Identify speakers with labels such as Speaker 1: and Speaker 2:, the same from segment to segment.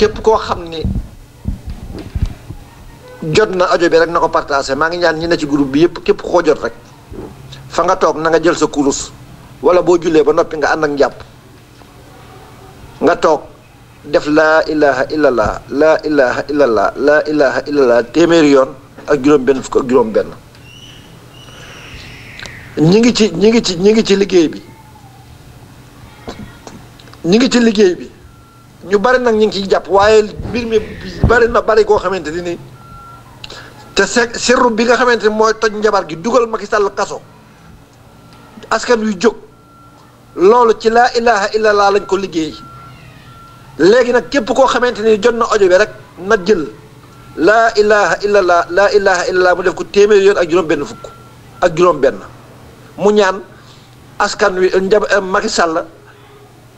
Speaker 1: képp koo xam ni jot na audio bi rek na ko partagé maa ngi ñaan ñi ne ci groupe bi yëpp képp koo jot rek fa nga toog na nga jël sa kurus wala boo jullee ba noppi nga ànd ak njàpp nga toog def laa ilaha illallah laa ilaha illallah laa ilaha illallah téeméeri yoon ak juróom-benn fukk ak juróom-benn ngi ci ñi ngi ci ñi ngi ci liggéey bi ñi ngi ci liggéey bi. ñu bari nag ñu ngi ciy jàpp waaye mbir mi bari na bari koo xamante ni nii te se sirru bi nga xamante ni mooy toj njabar gi dugal Macky Sall kaso askan wi jóg loolu ci laa ilaha illa laa lañ ko liggéey léegi nag képp koo xamante ni jot na audio rek na jël laa ilaha illa laa laa ilaha illa laa mu def ko téeméeri yoon ak juróom benn fukk ak juróom benn mu ñaan askan wi njab Macky Sall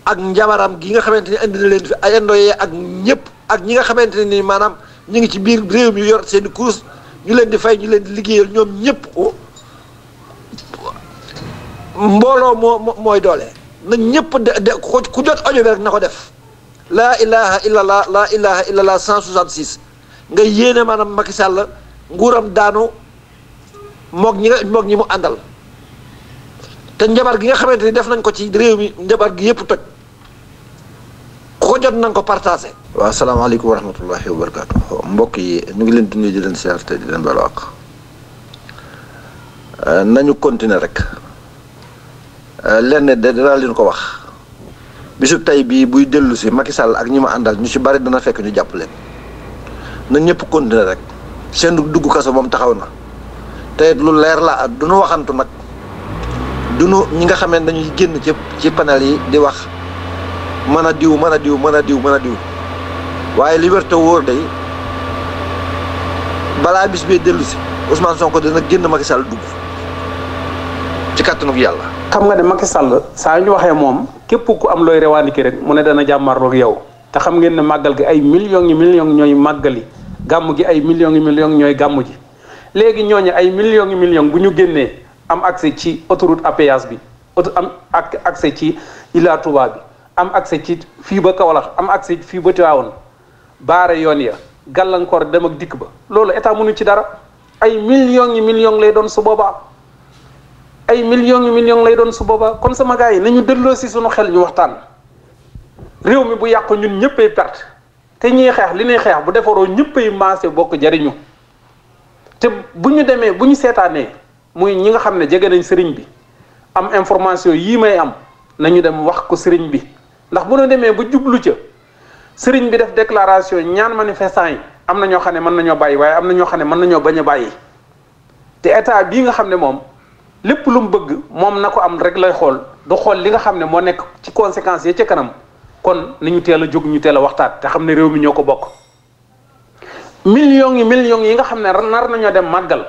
Speaker 1: ak njabaram gi nga xamante ni indi leen fi ay ndoye ak ñëpp ak ñi nga xamante ne ni maanaam ñu ngi ci biir réew mi yor seen i course ñu leen di fay ñu leen di liggéeyal ñoom ñëpp mbooloo moo mooy doole na ñëpp de de ku jot audio bi rek na ko def laa ilaha illallah laa ilaha illallah 166 nga yéene maanaam Macky Sall nguuram daanu moog ñi nga moog ñi mu àndal te njabar gi nga xamante ni def nañ ko ci réew mi njabar gi yëpp toj jot ko partagé. waaw asalaamaaleykum wa rahmatullahi wa barakaatu. mbokk yi ñu ngi leen di nuyu di leen siyaar leen baal wax euh, nañu continuer rek euh, lenn de leen ko wax bisu tey bii buy dellu si Macky Sall ak ñi ma àndal ñu bari dana fekk ñu jàpp leen na ñëpp continuer rek seen dugg kaso moom taxaw na te lu leer la du nu waxantu nag du nu ñi nga xam ne génn ci ci panel yi di wax. mën a diw man a diw mën a diw man a diw waaye liberté wóor day balaa bis bee dellu si Ousmane
Speaker 2: ko dana génn Macky Sall dugg ci kàttanu yàlla. xam nga ne Macky Sall saa ñu waxee moom képp ku am looy revendiquer rek mu ne dana jàmmarloog yow te xam ngeen ne màggal gi ay millions yi millions ñooy màggali gàmm gi ay million yi million ñooy gàmm ji léegi ñooñu ay millions yi millions bu ñu génnee am accès ci autoroute à bi auto am accès ci Ila Touba am accès ci fii ba kaw lax am accès fii ba Tivaouane baare yoon ya gàllankoor dem ak dikk ba loolu état mënu ci dara ay millions yi million lay doon su boobaa ay millions yi millions lay doon su boobaa kon sama gars yi nañu delloo si suñu xel ñu waxtaan réew mi bu yàqu ñun ñëppay perte te ñuy xeex li ñuy xeex bu defaroo ñëppay maase bokk jariñu te bu ñu demee bu ñu seetaanee muy ñi nga xam ne jege nañ sëriñ bi am information yii may am nañu dem wax ko sëriñ bi ndax bu ñu demee ba jublu ca sëriñ bi def déclaration ñaan manifestant yi am na ñoo xam ne mën nañoo bàyyi waaye am na ñoo xam ne mën nañoo bañ a bàyyi te état bii nga xam ne moom lépp lu mu bëgg moom na ko am rek lay xool du xool li nga xam ne moo nekk ci conséquences yi ca kanam kon nañu teel a jóg ñu teel a waxtaan te xam ne réew mi ñoo ko bokk. millions yi millions yi nga xam ne nar nañoo dem màggal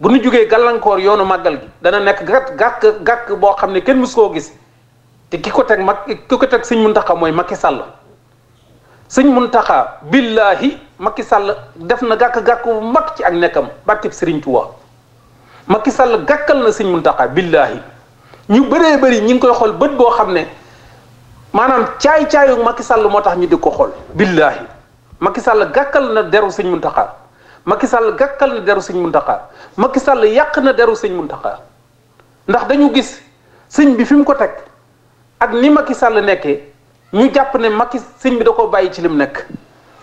Speaker 2: bu ñu jugee gàllankoor yoonu màggal gi dana nekk gàkk gàkk gàkk boo xam ne kenn mës koo gis. te ki ko teg mag ki ko teg sëñ Muntaxa mooy Macky Sall sëñ Muntaxa billaahi Macky sàll def na gàkk-gàkk bu mag ci ak nekkam barkeb Sëriñ Tuubaa Macky Sall gàkkal na sëñ Muntaxa billaahi ñu bëree bëri ñi ngi koy xool bët boo xam ne maanaam caay-caayu Macky Sall moo tax ñu di ko xool billaahi Macky Sall gàkkal na deru sëñ Muntaxa Macky Sall gàkkal deru sëñ Muntaxa Macky Sall yàq na deru sëñ Muntaxa ndax dañu gis sëñ bi fi mu ko teg ak ni makki Sall nekkee ñu jàpp ne Macky sëñ bi da koo bàyyi ci lim nekk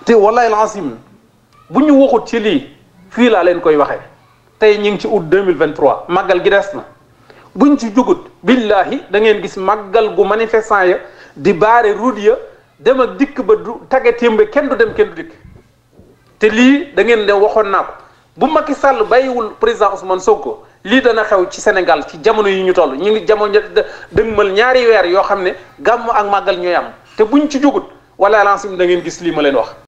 Speaker 2: te wallahi lancim bu ñu waxut ci lii fii laa leen koy waxee tey ñu ngi ci août 2023 màggal gi des na buñ ci jugut billahi da ngeen gis màggal gu manifestant ya di baare route ya dem ak dikk ba du tage témbe kenn du dem kenn du dikk te lii da ngeen ne waxoon naa ko bu Macky sàll bàyyiwul président soog ko lii dana xew ci Sénégal ci jamono yi ñu toll ñu ngi jamono dëgmal ñaari weer yoo xam ne gàmm ak màggal ñooy am te buñ ci jugut wala lancim da ngeen gis lii ma leen wax